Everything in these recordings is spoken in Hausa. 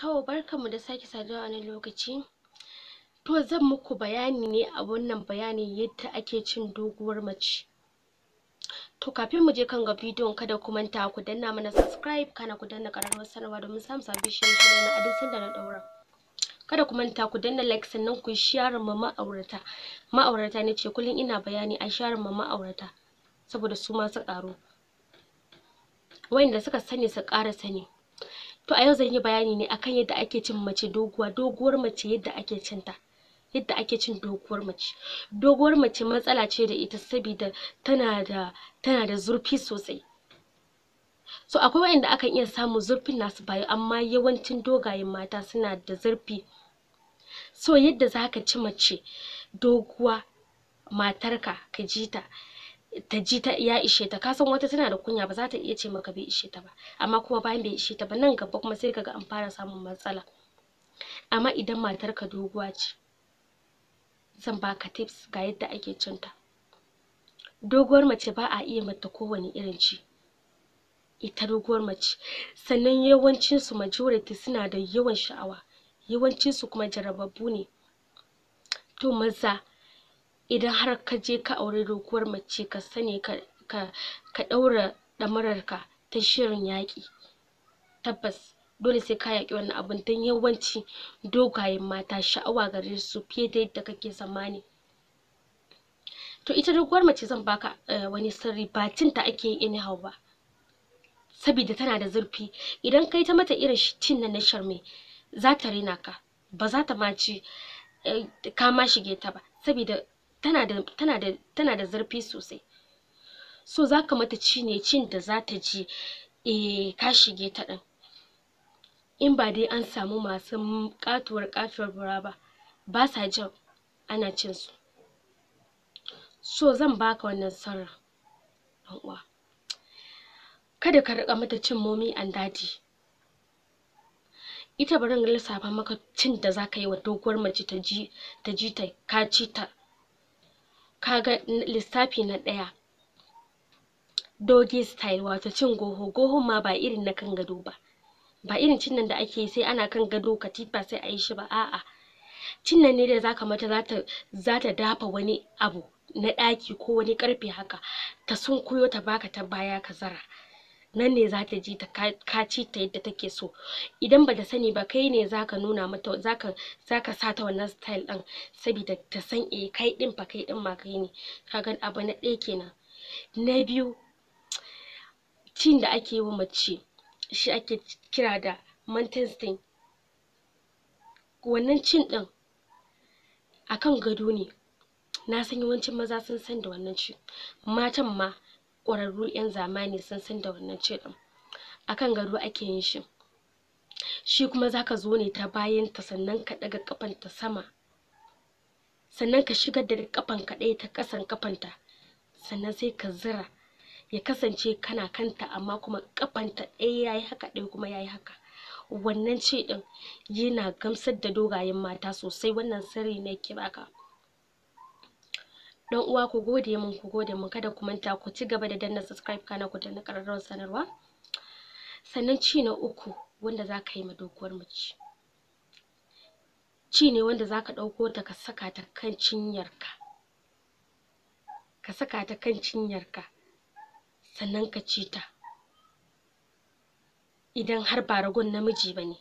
To barkanmu da sake saduwa a wannan lokaci to zan muku bayani ne a wannan bayani yadda ake cin doguwar mace to kafin mu je kan ga bidiyon kada ku manta ku danna mana subscribe kana ku danna ƙararrawar sanarwa domin samun sabbin shirye-shirye na a duk sanda na ɗaura kada ku manta ku danna like sannan ku share ma ma'aurata ma'aurata ne ce kullum ina bayani a share ma ma'aurata saboda su ma su ƙaru Wa'inda suka sani su ƙara sani to a yau zan yi bayani ne akan yadda ake cin mace doguwa doguwar mace yadda ake cin ta yadda ake cin doguwar mace doguwar mace matsala ce da ita sabida tana da tana da zurfi sosai so akwai waɗanda akan iya samun zurfin nasu ba amma yawancin dogayen mata suna da zurfi so yadda za ka ci mace doguwa matarka ka ji ta ta ji ta ya ishe ta kasan wata tana da kunya ba za ta iya ce maka bai ishe ta ba amma kuma bayan bai ishe ta ba nan gaba kuma sai kaga an fara samun matsala amma idan matar ka doguwa ce zan baka tips ga yadda ake cinta doguwar mace ba a iya mata kowane irin ci ita doguwar mace sannan yawancin su majority suna da yawan sha'awa yawancin su kuma jarababbu ne to maza idan har ka je ka auri doguwar mace ka sani ka ka ka ɗaura ɗamararka ta shirin yaƙi tabbas dole sai ka yaƙi wannan abun don yawanci dogayen mata sha'awa gare su fiye da yadda kake zamani. to ita doguwar mace zan baka eh, wani sirri ba cinta ake yi anyhow ba sabida tana da zurfi idan kai ta mata irin cin nan na sharme za ta raina ka ba za ta ma eh, ka ma shige ta ba sabida tana da tana zurfi sosai so za ka mata ci ne cin da za ta ji eh ka shige ta ɗin in ba dai an samu masu ƙatuwar ƙatuwar bura ba ba sa jin ana cin su so zan baka wannan sarra ɗan uwa kada ka riƙa mata cin momi and daɗi. ita bari in lissafa maka cin da za ka yi wa doguwar mace ta ta ji ta ka ci ta kaga lissafi na ɗaya doggy style wato cin goho gohon ma ba irin na kan gado ba ba irin cin nan da ake yi sai ana kan gado katifa sai a yi shi ba a'a cin nan ne da zaka mata zata zata dafa wani abu na ɗaki ko wani ƙarfe haka ta sunkuyo ta baka ta baya ka zara nan ne za ta ji ta ka ta yadda take so idan ba ta sani ba kai ne za ka nuna mata za ka za ka sa ta wannan style ɗin sabida ta san eh kai ɗin fa kai ɗin ma kai ne ka ga abu na ɗaya kenan na biyu cin da ake yi wa mace shi ake kira da mountain stain wannan cin ɗin akan gado ne na san yawancin maza sun san da wannan cin matan ma ƙwararru 'yan zamani sun san da wannan ce ɗin kan gado ake yin shi shi kuma zaka zo ne ta bayanta sannan ka ɗaga ƙafanta sama sannan ka shigar da kafan ka ɗaya ta ƙasan ƙafanta sannan sai ka zira ya kasance kana kanta amma kuma ƙafanta ɗaya ya yi haka ɗaya kuma ya yi haka wannan ce ɗin yana gamsar da dogayen mata sosai wannan sirri ne ke baka dan uwa ku gode mun ku gode mun kada ku manta ku ci gaba da danna subscribe kana ku danna ƙararrawar sanarwa sannan ci na uku wanda za ka yi ma doguwar mace ci ne wanda za ka ɗauko ta ka saka ta kan cinyarka ka saka ta kan cinyarka sannan ka ci ta idan har ba ragon namiji ba ne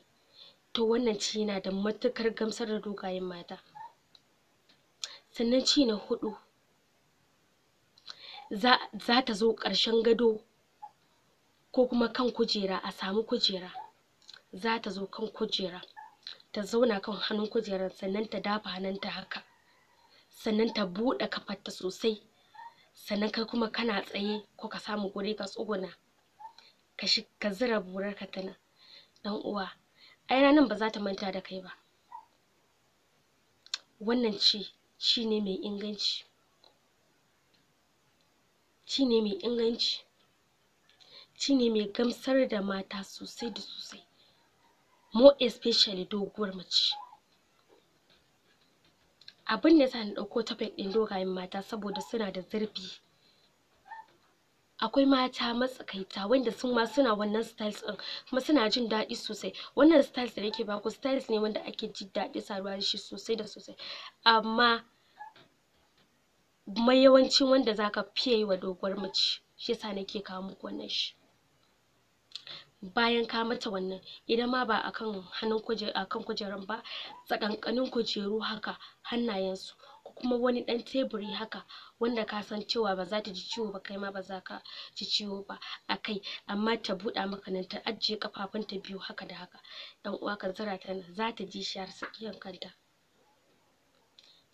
to wannan ci yana da matukar gamsar da dogayen mata sannan ci na huɗu za ta zo ƙarshen gado ko kuma kan kujera a samu kujera za ta zo kan kujera ta zauna kan hannun kujerar sannan ta dafa hannunta haka sannan ta buɗe kafarta sosai sannan kai kuma kana tsaye ko ka samu guri ka tsuguna ka shi ka zira burar ka tana dan uwa ai ranan ba za ta manta da kai ba wannan ci shi ne mai inganci ci ne mai inganci ci ne mai gamsar da mata sosai da sosai more especially doguwar mace abin da sa na dauko topic ɗin dogayen mata saboda suna da zurfi akwai mata matsakaita wanda sun ma suna wannan styles din kuma suna jin daɗi sosai wannan styles da nake ku styles ne wanda ake jin daɗi saruwa da shi sosai da sosai amma mai yawancin wanda zaka fiye yi wa doguwar mace shi yasa nake kawo muku wannan shi bayan ka mata wannan idan ma ba akan hannun akan kujeran ba tsakankanin kujeru haka hannayensu ko kuma wani ɗan teburi haka wanda ka san cewa ba za ta ji ciwo ba kai ma ba za ka ji ciwo ba a kai amma ta buɗa maka nan ta ajiye kafafunta biyu haka da haka dan uwa ka zira ta za ta ji shi har tsakiyar kanta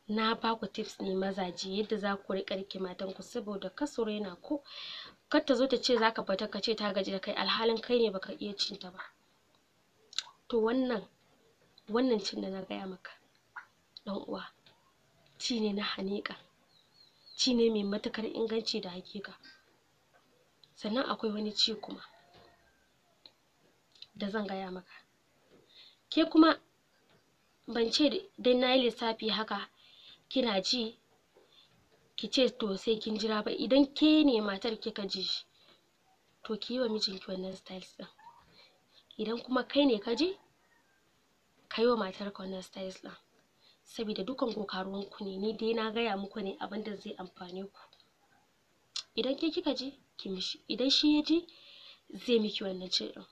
na baku tips ne mazaje yadda za ku riƙa rike matan saboda kasu raina ku kar ta zo ta ce zaka fita ka ce ta gaji da kai alhalin kai ne baka iya cin ta ba to wannan wannan cin da na gaya maka ɗan uwa ci ne na hanika ci ne mai matukar inganci da hakika sannan akwai wani ci kuma da zan gaya maka ke kuma ban ce dai na yi lissafi haka kina ji ki ce to sai kin jira ba idan ke ne matar kika ji to ki yi wa mijinki wannan styles ɗin idan kuma kai ne ka ji ka yi wa ka wannan styles ɗin saboda dukan ku ne ni dai na gaya muku ne abin da zai amfane ku idan ke kika ji ki mishi idan shi ya ji zai miki wannan cin ɗin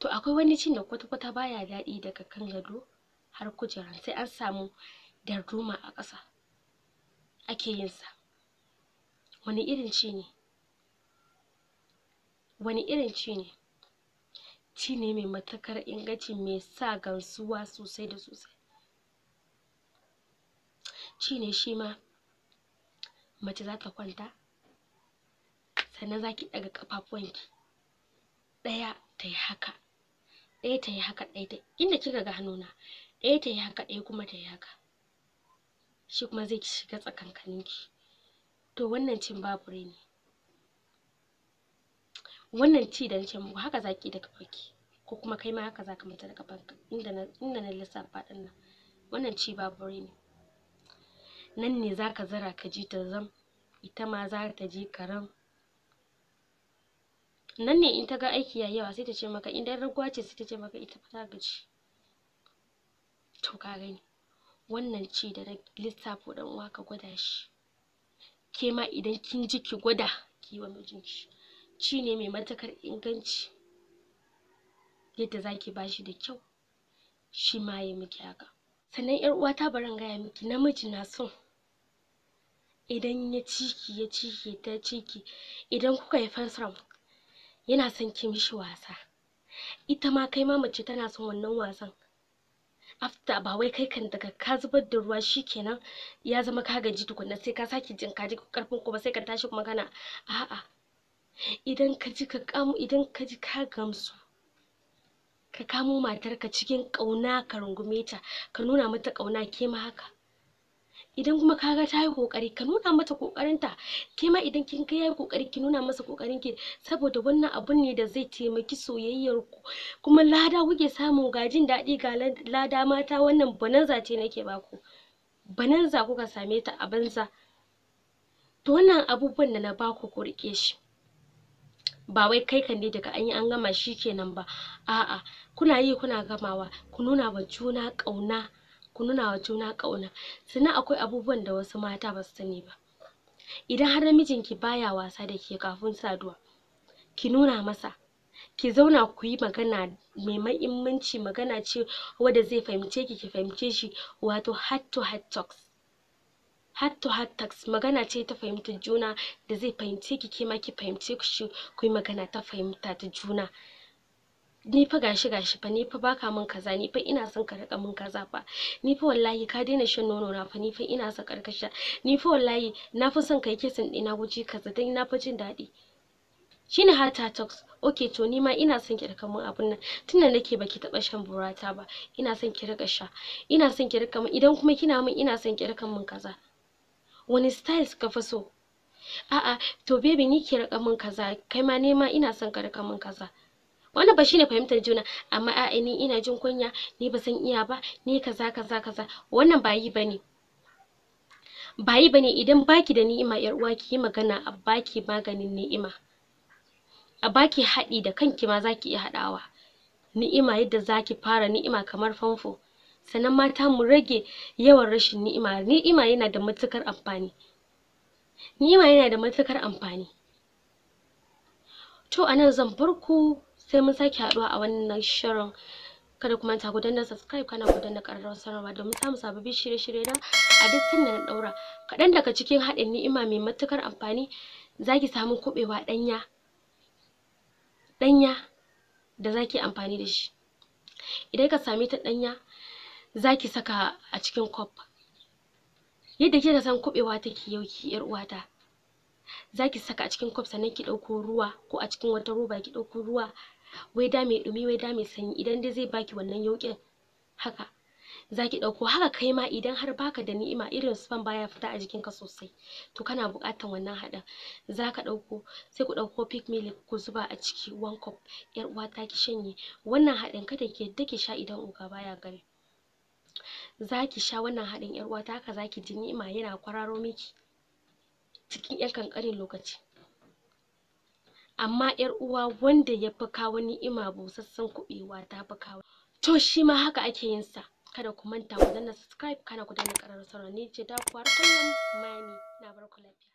to akwai wani cin da kwata-kwata baya daɗi daga kan gado har kujera sai an samu darduma a ƙasa ake yin sa wani irin ci ne wani irin ci ne ci ne mai matuƙar inganci mai sa gamsuwa sosai da sosai ci ne shi ma mace za ta kwanta sannan za ki ɗaga ƙafafuwanki ɗaya ta yi haka ɗaya ta yi haka ɗaya ta inda kika ga hannuna ɗaya ta yi haka ɗaya kuma ta yi haka shi kuma zai shiga ki to wannan cin babure ne wannan ci da nace muku haka zaki da kafarki ko kuma kai ma haka zaka mata da kafanka inda na inda na lissafa din nan wannan ci babure ne nan ne zaka zara ka ji ta zam ita ma za ta je karam nan ne in ta ga aiki yayi yawa sai ta ce maka in idan raguwa ce sai ta ce maka ita fa ta gaji to ka gani wannan ce da na lissafo dan uwa ka gwada shi ke ma idan kin ji ki gwada ki yi wa mijinki ci ne mai matukar inganci yadda za ki ba shi da kyau shi ma ya miki haka sannan yar uwa ta bari in gaya miki namiji na son idan ya ci ki ya ci ta ci idan kuka yi fansram yana son ki mishi wasa ita ma kai ma mace tana son wannan wasan after ba wai kai kan daga ka zubar da ruwa shi kenan ya zama ka gaji tukunna sai ka sake jin ka ji karfin kuma sai ka tashi kuma kana a'a idan ka ji ka kamu idan ka ji ka gamsu ka kamo matarka cikin ƙauna ka rungume ta ka nuna mata ƙauna ke ma haka idan kuma kaga ta yi kokari ka nuna mata kokarinta ke ma idan kin ga yayi kokari ki nuna masa kokarin ki saboda wannan abun ne da zai taimaki soyayyar ku kuma lada kuke samu ga jin daɗi ga lada mata wannan bananza ce nake baku bananza kuka same ta a banza to wannan abubuwan da na baku ku rike shi ba wai kai ka ne daga an yi an gama shi kenan ba a'a kuna yi kuna gamawa ku nuna wa juna ƙauna ku nuna wa juna ƙauna sannan akwai abubuwan da wasu mata ba su sani ba idan har namijinki baya wasa da ke kafin saduwa ki nuna masa ki zauna ku yi magana mai mahimmanci magana ce wadda zai fahimce ki ki fahimce shi wato heart to heart talks heart to heart talks magana ce ta fahimtar juna da zai fahimce ki ke ma ki fahimce shi ku yi magana ta fahimta ta juna ni fa gashi gashi fa ni fa baka min kaza ni fa ina son ka rika min kaza fa ni fa wallahi ka daina shan nono na fa ni fa ina son sha ni fa wallahi na fi son kai kisan ɗina guji kaza dan na fi jin daɗi shine harta talks okay to ni ma ina son ki rika min abun nan tunda nake baki taba shan burata ba ina son ki rika sha ina son ki rika min idan kuma kina min ina son ki rika min kaza wani styles ka fa so a'a to baby ni ki rika min kaza kai ma ma ina son ka rika min kaza wannan ba shi shine fahimtar juna amma a'a ni ina jin kunya ni ba san iya ba ni kaza kaza kaza wannan ba yi bane ba yi bane idan baki da ni'ima yar uwa ki yi magana a baki maganin ni'ima a baki haɗi da kanki ma ki iya haɗawa ni'ima yadda zaki fara ni'ima kamar famfo sannan mata mu rage yawan rashin ni'ima ni'ima yana da matukar amfani ni'ima yana da matukar amfani to anan zan bar ku sai mun sake haɗuwa a wannan shirin kada kuma ta ku da subscribe kana ku da ƙararrawar sanarwa domin samun sababbi shirye-shirye na a duk da na ɗaura kaɗan daga cikin haɗin ni'ima mai matukar amfani zaki samu kuɓewa ɗanya ɗanya da zaki amfani da shi idan ka sami ta ɗanya ki saka a cikin kwaf yadda ka san kuɓewa take yauki ƴar uwata zaki saka a cikin kwaf sannan ki ɗauko ruwa ko a cikin wata roba ki ɗauko ruwa wai da mai ɗumi wai da mai sanyi idan dai zai baki wannan yauƙin haka zaki ɗauko haka kai ma idan har baka da ni'ima irin sperm baya fita a jikinka sosai to kana buƙatan wannan haɗin zaka ɗauko sai ku ɗauko pig milk ku zuba a ciki one cup ƴar uwata ki shanye wannan haɗin kada ki yadda ki sha idan uka baya gari zaki sha wannan haɗin ƴar uwata haka zaki ji ni'ima yana kwararo miki cikin 'yan ƙanƙanin lokaci amma 'yar uwa wanda ya fi kawo ni'ima busassan kuɓewa ta fi kawo to shi ma haka ake yin sa kada ku manta ku danna subscribe kana ku danna ƙarar sauran ni ce ta kuwa mani na barku lafiya